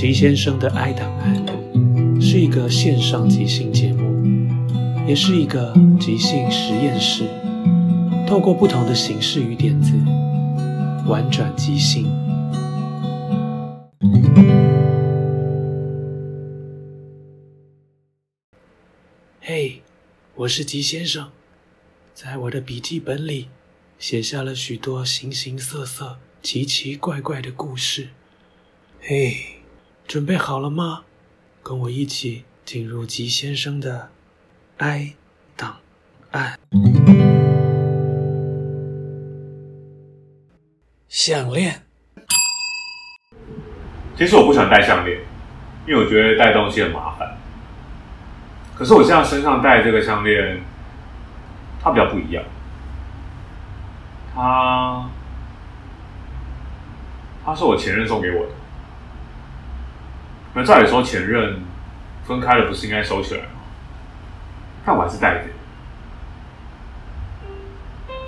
即先生的《I 檔案》是一個線上即興節目，也是一個即興實驗室，透過不同的形式與點子，玩轉即興。嘿，hey, 我是即先生，在我的筆記本裡寫下了許多形形色色、奇奇怪怪的故事。嘿、hey.。準備好了嗎？跟我一起進入即先生的 I 檔案。項鏈其實我不想戴項鏈因為我覺得戴東西很麻煩。可是我現在身上戴這個項鏈它比較不一樣。它，它是我前任送給我的。照理說，前任分開了，不是應該收起來嗎？但我還是帶著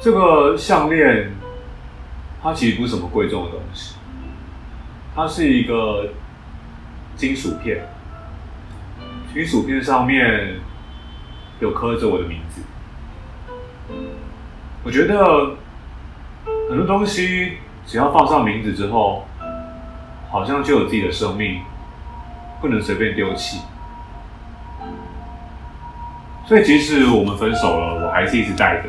這個項鏈，它其實不是什麼貴重的東西，它是一個金屬片，金屬片上面有刻着我的名字。我覺得很多東西，只要放上名字之後，好像就有自己的生命。不能隨便丟棄，所以即使我們分手了，我還是一直戴著，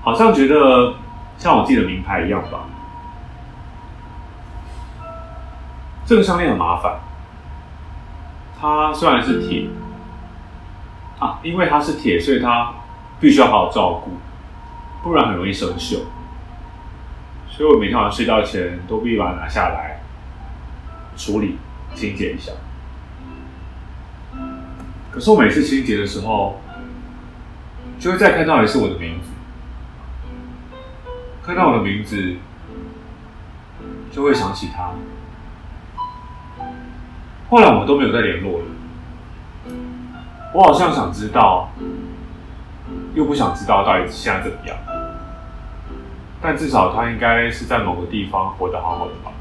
好像覺得像我自己的名牌一樣吧。這個項鏈很麻煩，它雖然是鐵啊，因為它是鐵，所以它必須要好好照顧，不然很容易生鏽。所以我每天晚上睡覺前都必須把它拿下來。處理清潔一下，可是我每次清潔的時候，就會再看到一次我的名字，看到我的名字，就會想起他。後來我們都沒有再聯絡了，我好像想知道，又不想知道到底現在怎麼樣，但至少他應該是在某個地方活得好好的吧。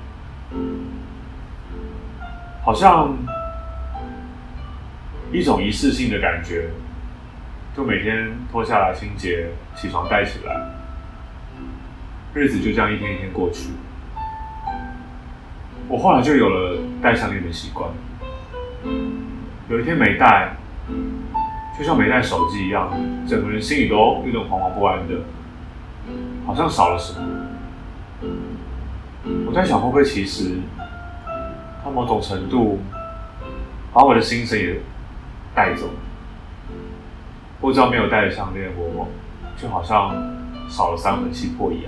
好像一種儀式性的感覺，就每天脫下來清潔，起床戴起來，日子就這樣一天一天過去。我後來就有了戴項鏈的習慣。有一天沒戴，就像沒戴手機一樣，整個人心裡都有點惶惶不安的，好像少了什麼。我在想，會不會其實……某種程度，把我的心思也帶走。不知道沒有帶的項鏈，我就好像少了三魂七魄一樣。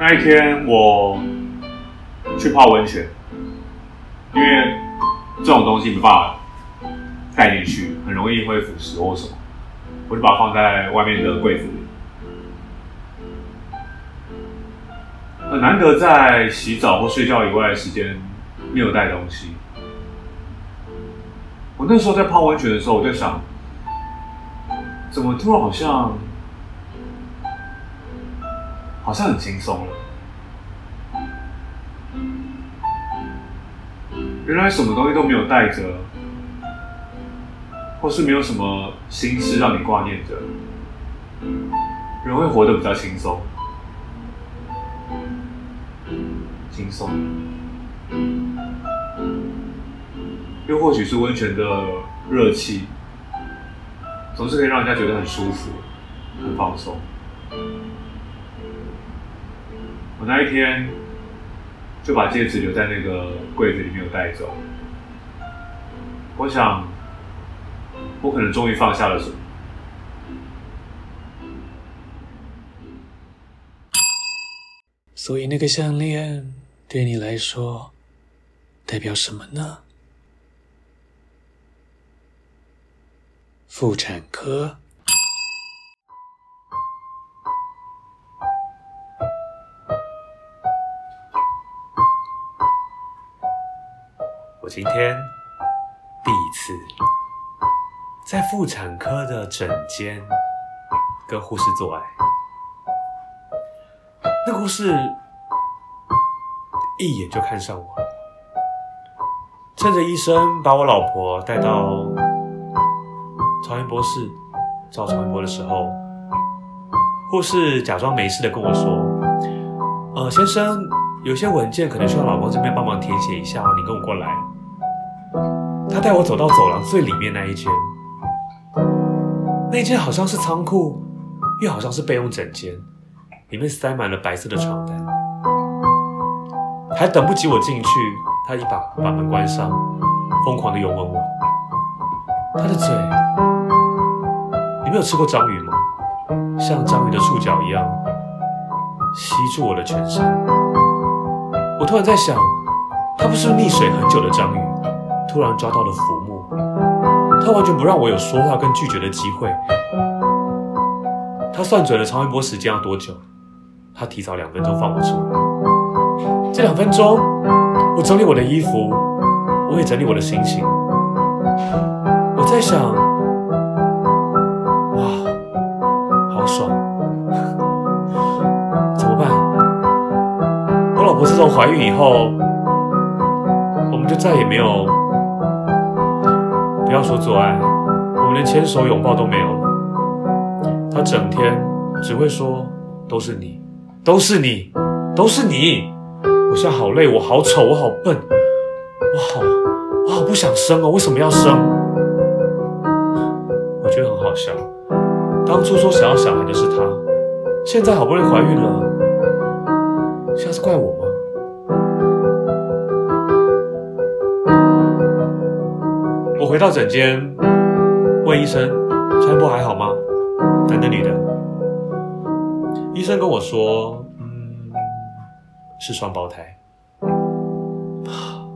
那一天，我去泡溫泉，因為這種東西沒辦法帶進去，很容易會腐蝕或、哦、什麼。我就把它放在外面的櫃子裡。那難得在洗澡或睡覺以外的時間沒有帶東西。我那時候在泡溫泉的時候，我就想，怎麼突然好像好像很輕鬆了？原來什麼東西都沒有帶着。或是沒有什麼心事讓你掛念着，人會活得比較輕鬆，輕鬆。又或許是溫泉的熱氣，總是可以讓人家覺得很舒服、很放鬆。我那一天就把戒指留在那個櫃子裡面沒有帶走，我想。我可能終於放下了手，所以那個項鏈對你來說代表什麼呢？婦產科。我今天第一次。在婦產科的診間，跟護士做愛，那護士一眼就看上我了。趁着醫生把我老婆帶到超音波室照超音波的時候，護士假裝沒事的跟我說：“呃，先生，有些文件可能需要老婆這邊幫忙填寫一下哦，你跟我過來。”她帶我走到走廊最裡面那一間。那間好像是倉庫，又好像是備用枕間，裡面塞滿了白色的床單，還等不及我進去，他一把把門關上，瘋狂的擁吻我，他的嘴，你沒有吃過章魚嗎？像章魚的觸角一樣吸住我的全身，我突然在想，他不是溺水很久的章魚，突然抓到了浮木。他完全不讓我有說話跟拒絕的機會，他算準了超音波時間要多久，他提早兩分鐘放我出來。這兩分鐘，我整理我的衣服，我也整理我的心情。我在想，哇，好爽，怎麼辦？我老婆自從懷孕以後，我們就再也沒有。不要說做愛，我們連牽手擁抱都沒有了。他整天只會說，都是你，都是你，都是你。我現在好累，我好醜，我好笨，我好，我好不想生哦，為什麼要生？我覺得很好笑。當初說想要小孩的是他，現在好不容易懷孕了，下次怪我嗎？回到診間，問醫生：“三胞還好嗎？”男的、女的。醫生跟我說：“嗯，是雙胞胎。”啊，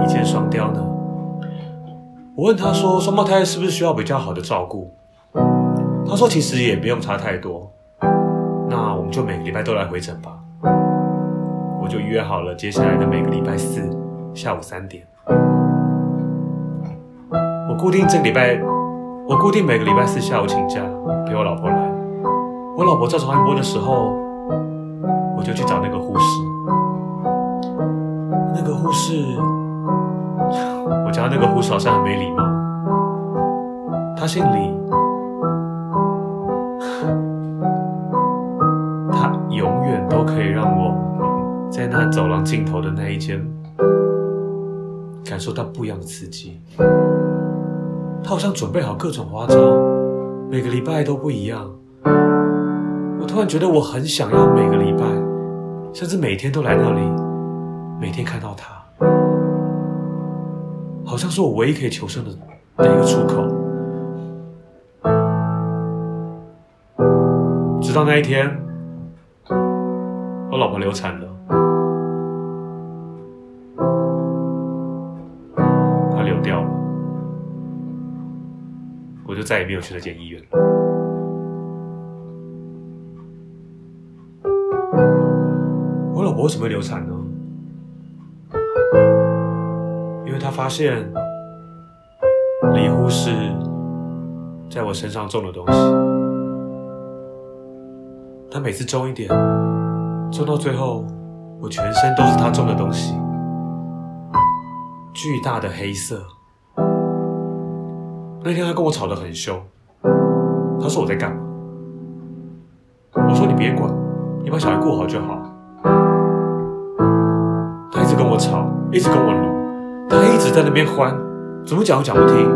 一箭雙雕呢。我問他說：“雙胞胎是不是需要比較好的照顧？”他說：“其實也不用差太多。”那我們就每個禮拜都來回診吧。我就約好了接下來的每個禮拜四，下午三點。我固定這禮拜，我固定每個禮拜四下午請假陪我老婆來。我老婆在床邊播的時候，我就去找那個護士。那個護士，我家那個護士好像很沒禮貌。他姓李。他永遠都可以讓我在那走廊盡頭的那一間，感受到不一樣的刺激。他好像準備好各種花招，每個禮拜都不一樣。我突然覺得我很想要每個禮拜，甚至每天都來那裡，每天看到他，好像是我唯一可以求生的一個出口。直到那一天，我老婆流產了。她流掉了。我就再也沒有去那間醫院了。我老婆為什麼會流產呢？因為她發現李護士在我身上種的東西，她每次種一點，種到最後，我全身都是她種的東西，巨大的黑色。那天他跟我吵得很兇，他說我在幹嘛？我說你別管，你把小孩顧好就好。他一直跟我吵，一直跟我鬧，他一直在那邊歡，怎麼講都講不聽，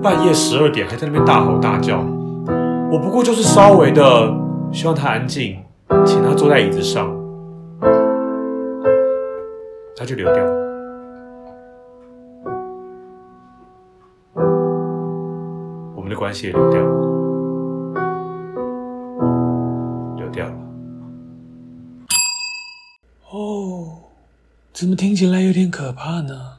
半夜十二點還在那邊大吼大叫。我不過就是稍微的希望他安靜，請他坐在椅子上，他就溜掉。項鍊流掉了，流掉了。哦，怎麼聽起來有點可怕呢？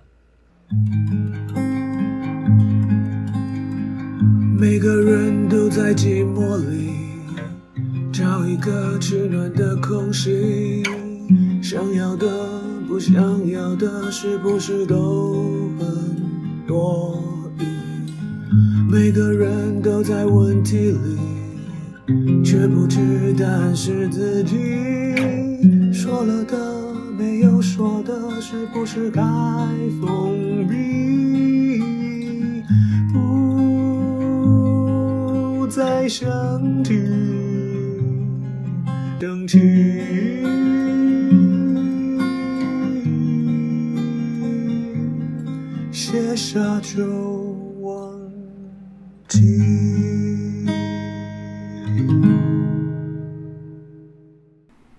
每個人都在寂寞裡找一個取暖的空隙，想要的不想要的，是不是都很多？每個人都在問題裡，卻不知答案是自己說了的，沒有說的，是不是該封閉？不再想聽，等。聽，寫下就。